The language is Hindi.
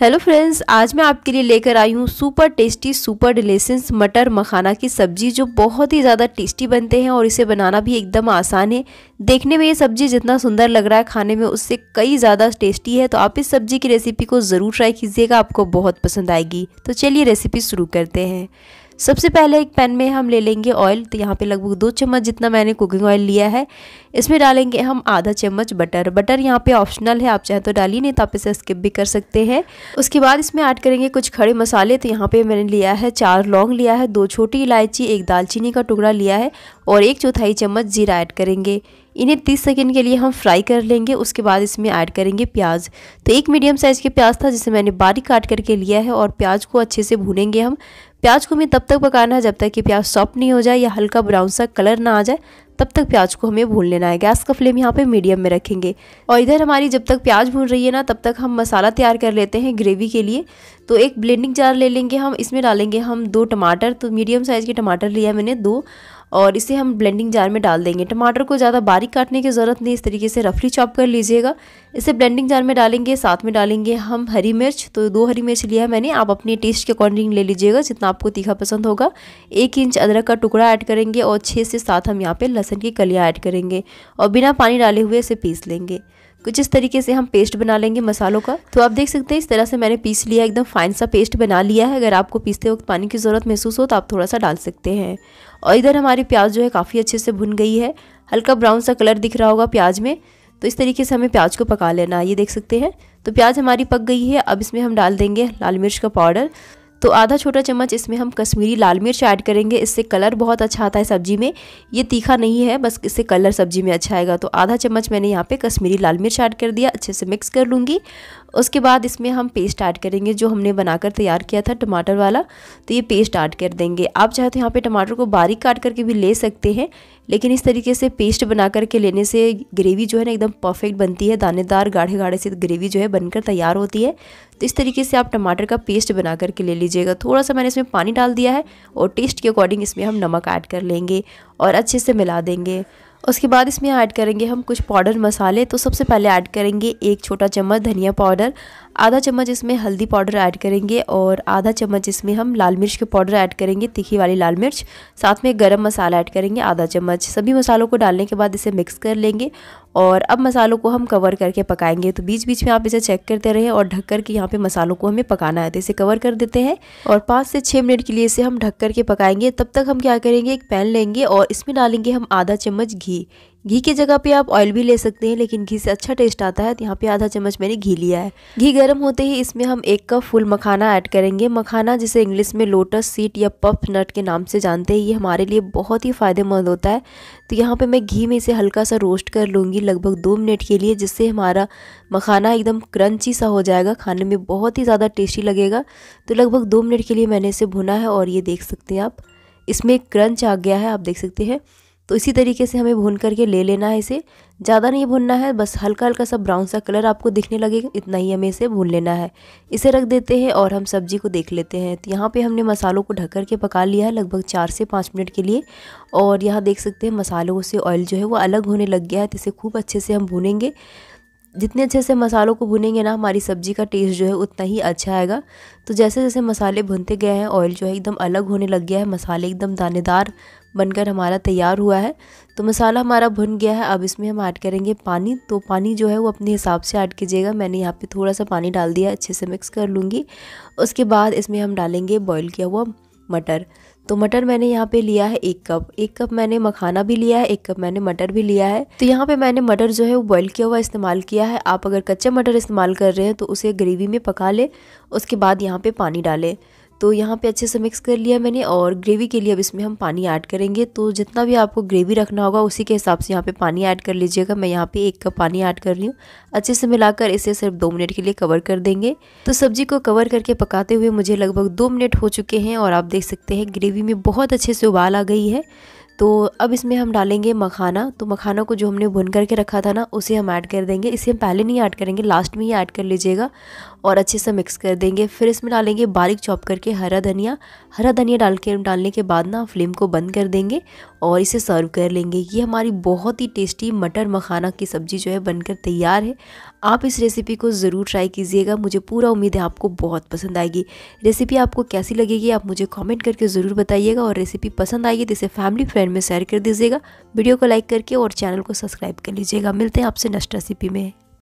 हेलो फ्रेंड्स आज मैं आपके लिए लेकर आई हूँ सुपर टेस्टी सुपर डिलेसेंस मटर मखाना की सब्जी जो बहुत ही ज़्यादा टेस्टी बनते हैं और इसे बनाना भी एकदम आसान है देखने में ये सब्जी जितना सुंदर लग रहा है खाने में उससे कई ज़्यादा टेस्टी है तो आप इस सब्जी की रेसिपी को ज़रूर ट्राई कीजिएगा आपको बहुत पसंद आएगी तो चलिए रेसिपी शुरू करते हैं सबसे पहले एक पैन में हम ले लेंगे ऑयल तो यहाँ पे लगभग दो चम्मच जितना मैंने कुकिंग ऑयल लिया है इसमें डालेंगे हम आधा चम्मच बटर बटर यहाँ पे ऑप्शनल है आप चाहे तो डालिए नहीं तो आप इसे स्किप भी कर सकते हैं उसके बाद इसमें ऐड करेंगे कुछ खड़े मसाले तो यहाँ पे मैंने लिया है चार लौंग लिया है दो छोटी इलायची एक दालचीनी का टुकड़ा लिया है और एक चौथाई चम्मच जीरा ऐड करेंगे इन्हें 30 सेकेंड के लिए हम फ्राई कर लेंगे उसके बाद इसमें ऐड करेंगे प्याज तो एक मीडियम साइज़ के प्याज था जिसे मैंने बारीक काट करके लिया है और प्याज को अच्छे से भूनेंगे हम प्याज को हमें तब तक पकाना है जब तक कि प्याज सॉफ्ट नहीं हो जाए या हल्का ब्राउन सा कलर ना आ जाए तब तक प्याज को हमें भून लेना है गैस का फ्लेम यहाँ पे मीडियम में रखेंगे और इधर हमारी जब तक प्याज भून रही है ना तब तक हम मसाला तैयार कर लेते हैं ग्रेवी के लिए तो एक ब्लेंडिंग जार ले लेंगे हम इसमें डालेंगे हम दो टमाटर तो मीडियम साइज़ के टमाटर लिया मैंने दो और इसे हम ब्लेंडिंग जार में डाल देंगे टमाटर को ज़्यादा बारीक काटने की ज़रूरत नहीं इस तरीके से रफली चॉप कर लीजिएगा इसे ब्लेंडिंग जार में डालेंगे साथ में डालेंगे हम हरी मिर्च तो दो हरी मिर्च लिया है मैंने आप अपने टेस्ट के अकॉर्डिंग ले लीजिएगा जितना आपको तीखा पसंद होगा एक इंच अदरक का टुकड़ा ऐड करेंगे और छः से सात हम यहाँ पर लहसन की कलियाँ ऐड करेंगे और बिना पानी डाले हुए इसे पीस लेंगे कुछ इस तरीके से हम पेस्ट बना लेंगे मसालों का तो आप देख सकते हैं इस तरह से मैंने पीस लिया एकदम फाइन सा पेस्ट बना लिया है अगर आपको पीसते वक्त पानी की ज़रूरत महसूस हो तो आप थोड़ा सा डाल सकते हैं और इधर हमारी प्याज जो है काफ़ी अच्छे से भुन गई है हल्का ब्राउन सा कलर दिख रहा होगा प्याज में तो इस तरीके से हमें प्याज को पका लेना ये देख सकते हैं तो प्याज हमारी पक गई है अब इसमें हम डाल देंगे लाल मिर्च का पाउडर तो आधा छोटा चम्मच इसमें हम कश्मीरी लाल मिर्च ऐड करेंगे इससे कलर बहुत अच्छा आता है सब्जी में ये तीखा नहीं है बस इससे कलर सब्जी में अच्छा आएगा तो आधा चम्मच मैंने यहाँ पे कश्मीरी लाल मिर्च ऐड कर दिया अच्छे से मिक्स कर लूँगी उसके बाद इसमें हम पेस्ट ऐड करेंगे जो हमने बनाकर तैयार किया था टमाटर वाला तो ये पेस्ट ऐड कर देंगे आप चाहे तो यहाँ पे टमाटर को बारीक काट करके भी ले सकते हैं लेकिन इस तरीके से पेस्ट बना करके लेने से ग्रेवी जो है ना एकदम परफेक्ट बनती है दानेदार गाढ़े गाढ़े से ग्रेवी जो है बनकर तैयार होती है तो इस तरीके से आप टमाटर का पेस्ट बना करके ले लीजिएगा थोड़ा सा मैंने इसमें पानी डाल दिया है और टेस्ट के अकॉर्डिंग इसमें हम नमक ऐड कर लेंगे और अच्छे से मिला देंगे उसके बाद इसमें ऐड करेंगे हम कुछ पाउडर मसाले तो सबसे पहले ऐड करेंगे एक छोटा चम्मच धनिया पाउडर आधा चम्मच इसमें हल्दी पाउडर ऐड करेंगे और आधा चम्मच इसमें हम लाल मिर्च के पाउडर ऐड करेंगे तीखी वाली लाल मिर्च साथ में गरम मसाला ऐड करेंगे आधा चम्मच सभी मसालों को डालने के बाद इसे मिक्स कर लेंगे और अब मसालों को हम कवर करके पकाएंगे तो बीच बीच में आप इसे चेक करते रहे और ढक करके यहाँ पे मसालों को हमें पकाना है तो इसे कवर कर देते हैं और पाँच से छः मिनट के लिए इसे हम ढक करके पकाएंगे तब तक हम क्या करेंगे एक पैन लेंगे और इसमें डालेंगे हम आधा चम्मच घी घी की जगह पे आप ऑयल भी ले सकते हैं लेकिन घी से अच्छा टेस्ट आता है तो यहाँ पे आधा चम्मच मैंने घी लिया है घी गर्म होते ही इसमें हम एक कप फुल मखाना ऐड करेंगे मखाना जिसे इंग्लिश में लोटस सीट या पफ नट के नाम से जानते हैं ये हमारे लिए बहुत ही फ़ायदेमंद होता है तो यहाँ पे मैं घी में इसे हल्का सा रोस्ट कर लूँगी लगभग दो मिनट के लिए जिससे हमारा मखाना एकदम क्रंची सा हो जाएगा खाने में बहुत ही ज़्यादा टेस्टी लगेगा तो लगभग दो मिनट के लिए मैंने इसे भुना है और ये देख सकते हैं आप इसमें क्रंच आ गया है आप देख सकते हैं तो इसी तरीके से हमें भून करके ले लेना है इसे ज़्यादा नहीं भूनना है बस हल्का हल्का सा ब्राउन सा कलर आपको दिखने लगेगा इतना ही हमें इसे भून लेना है इसे रख देते हैं और हम सब्जी को देख लेते हैं तो यहाँ पे हमने मसालों को ढक करके पका लिया है लगभग चार से पाँच मिनट के लिए और यहाँ देख सकते हैं मसालों से ऑयल जो है वो अलग होने लग गया है तो इसे खूब अच्छे से हम भूनेंगे जितने अच्छे से मसालों को भुनेंगे ना हमारी सब्जी का टेस्ट जो है उतना ही अच्छा आएगा तो जैसे जैसे मसाले भुनते गए हैं ऑयल जो है एकदम अलग होने लग गया है मसाले एकदम दानेदार बनकर हमारा तैयार हुआ है तो मसाला हमारा भुन गया है अब इसमें हम ऐड करेंगे पानी तो पानी जो है वो अपने हिसाब से ऐड कीजिएगा मैंने यहाँ पे थोड़ा सा पानी डाल दिया अच्छे से मिक्स कर लूँगी उसके बाद इसमें हम डालेंगे बॉईल किया हुआ मटर तो मटर मैंने यहाँ पे लिया है एक कप एक कप मैंने मखाना भी लिया है एक कप मैंने मटर भी लिया है तो यहाँ पे मैंने मटर जो है वो बॉईल किया हुआ इस्तेमाल किया है आप अगर कच्चा मटर इस्तेमाल कर रहे हैं तो उसे ग्रेवी में पका लें उसके बाद यहाँ पे पानी डालें तो यहाँ पे अच्छे से मिक्स कर लिया मैंने और ग्रेवी के लिए अब इसमें हम पानी ऐड करेंगे तो जितना भी आपको ग्रेवी रखना होगा उसी के हिसाब से यहाँ पे पानी ऐड कर लीजिएगा मैं यहाँ पे एक कप पानी ऐड कर रही हूँ अच्छे से मिलाकर इसे सिर्फ दो मिनट के लिए कवर कर देंगे तो सब्जी को कवर करके पकाते हुए मुझे लगभग दो मिनट हो चुके हैं और आप देख सकते हैं ग्रेवी में बहुत अच्छे से उबाल आ गई है तो अब इसमें हम डालेंगे मखाना तो मखाना को जो हमने भुन करके रखा था ना उसे हम ऐड कर देंगे इसे हम पहले नहीं ऐड करेंगे लास्ट में ही ऐड कर लीजिएगा और अच्छे से मिक्स कर देंगे फिर इसमें डालेंगे बारीक चॉप करके हरा धनिया हरा धनिया डाल के डालने के बाद ना फ्लेम को बंद कर देंगे और इसे सर्व कर लेंगे ये हमारी बहुत ही टेस्टी मटर मखाना की सब्ज़ी जो है बनकर तैयार है आप इस रेसिपी को ज़रूर ट्राई कीजिएगा मुझे पूरा उम्मीद है आपको बहुत पसंद आएगी रेसिपी आपको कैसी लगेगी आप मुझे कॉमेंट करके ज़रूर बताइएगा और रेसिपी पसंद आएगी तो इसे फैमिली फ्रेंड कमेंट में शेयर कर दीजिएगा वीडियो को लाइक करके और चैनल को सब्सक्राइब कर लीजिएगा मिलते हैं आपसे नेक्स्ट रेसिपी में